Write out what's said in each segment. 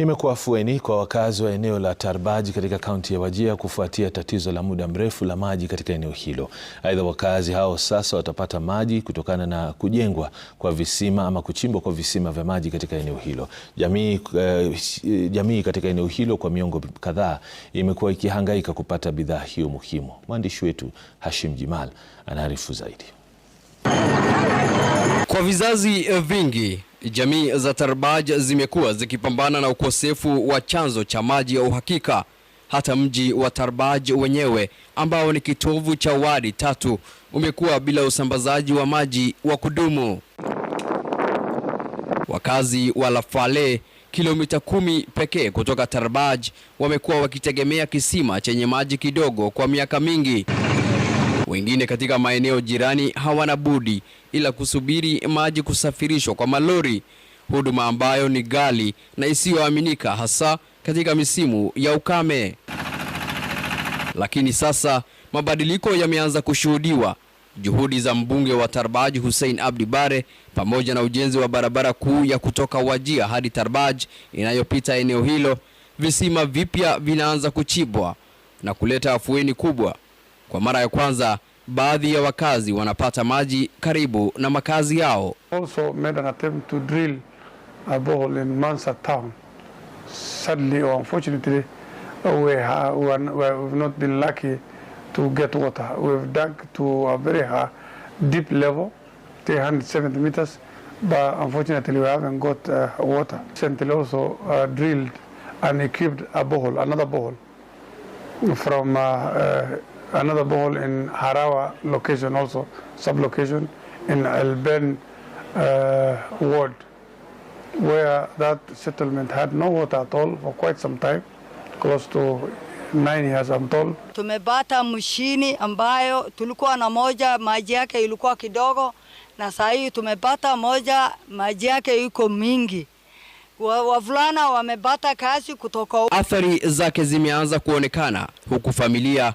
Imekuwa afueni kwa wakazi wa eneo la Tarbaji katika kaunti ya Wajir kufuatia tatizo la muda mrefu la maji katika eneo hilo. Aidha, wakazi hao sasa watapata maji kutokana na kujengwa kwa visima ama kuchimbwa kwa visima vya maji katika eneo hilo. Jamii, eh, jamii katika eneo hilo kwa miongo kadhaa imekuwa ikihangaika kupata bidhaa hiyo muhimu. Mwandishi wetu Hashim Jimal anaarifu zaidi. Kwa vizazi vingi Jamii za Tarbaj zimekuwa zikipambana na ukosefu wa chanzo cha maji ya uhakika. Hata mji wa Tarbaj wenyewe ambao ni kitovu cha wadi tatu umekuwa bila usambazaji wa maji wa kudumu. Wakazi wa Lafale, kilomita kumi pekee kutoka Tarbaj, wamekuwa wakitegemea kisima chenye maji kidogo kwa miaka mingi. Wengine katika maeneo jirani hawana budi ila kusubiri maji kusafirishwa kwa malori, huduma ambayo ni ghali na isiyoaminika hasa katika misimu ya ukame. Lakini sasa mabadiliko yameanza kushuhudiwa. Juhudi za mbunge wa Tarbaj Hussein Abdi Bare pamoja na ujenzi wa barabara kuu ya kutoka Wajia hadi Tarbaj inayopita eneo hilo, visima vipya vinaanza kuchibwa na kuleta afueni kubwa. Kwa mara ya kwanza, baadhi ya wakazi wanapata maji karibu na makazi yao. Also made an attempt to drill a borehole in Mansa town. Sadly or unfortunately, we have, we have not been lucky to get water. We've dug to a very high, deep level, 370 meters, but unfortunately we haven't got uh, water. Central also uh, drilled and equipped a borehole, another borehole from uh, uh, another ball in Harawa location also, sub-location in Alban uh, ward, where that settlement had no water at all for quite some time, close to nine years I'm told. Tumepata mshini ambayo tulikuwa na moja maji yake ilikuwa kidogo, na sasa hivi tumepata moja maji yake iko mingi wavulana wamepata kazi kutoka. Athari zake zimeanza kuonekana huku familia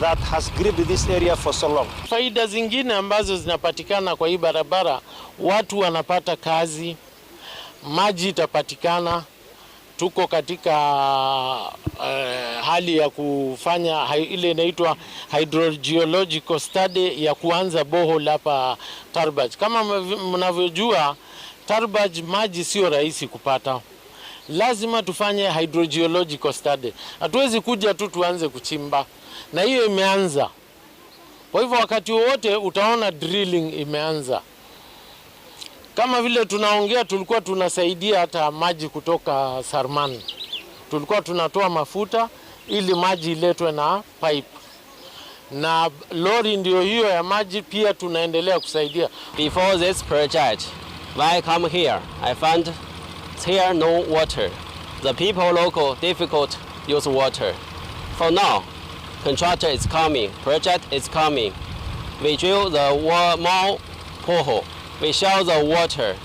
that has gripped this area for so long. Faida zingine ambazo zinapatikana kwa hii barabara, watu wanapata kazi, maji itapatikana. Tuko katika uh, hali ya kufanya ile inaitwa hydrogeological study ya kuanza boho hapa Tarbaj. Kama mnavyojua, Tarbaj maji sio rahisi kupata lazima tufanye hydrogeological study. Hatuwezi kuja tu tuanze kuchimba, na hiyo imeanza. Kwa hivyo wakati wowote utaona drilling imeanza. Kama vile tunaongea, tulikuwa tunasaidia hata maji kutoka Sarman, tulikuwa tunatoa mafuta ili maji iletwe na pipe na lori ndio hiyo ya maji pia tunaendelea kusaidia. Before this project, I come here, I found It's here no water. The people local difficult use water. For now, contractor is coming, project is coming. We drill the small more pothole. We shell the water.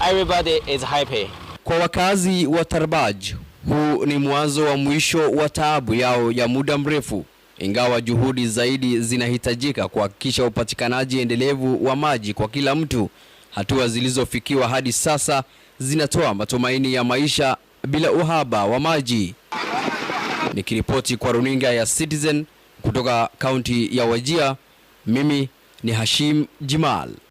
Everybody is happy. Kwa wakazi wa Tarbaj, huu ni mwanzo wa mwisho wa taabu yao ya muda mrefu, ingawa juhudi zaidi zinahitajika kuhakikisha upatikanaji endelevu wa maji kwa kila mtu, hatua zilizofikiwa hadi sasa zinatoa matumaini ya maisha bila uhaba wa maji. Nikiripoti kwa runinga ya Citizen kutoka kaunti ya Wajia, mimi ni Hashim Jimal.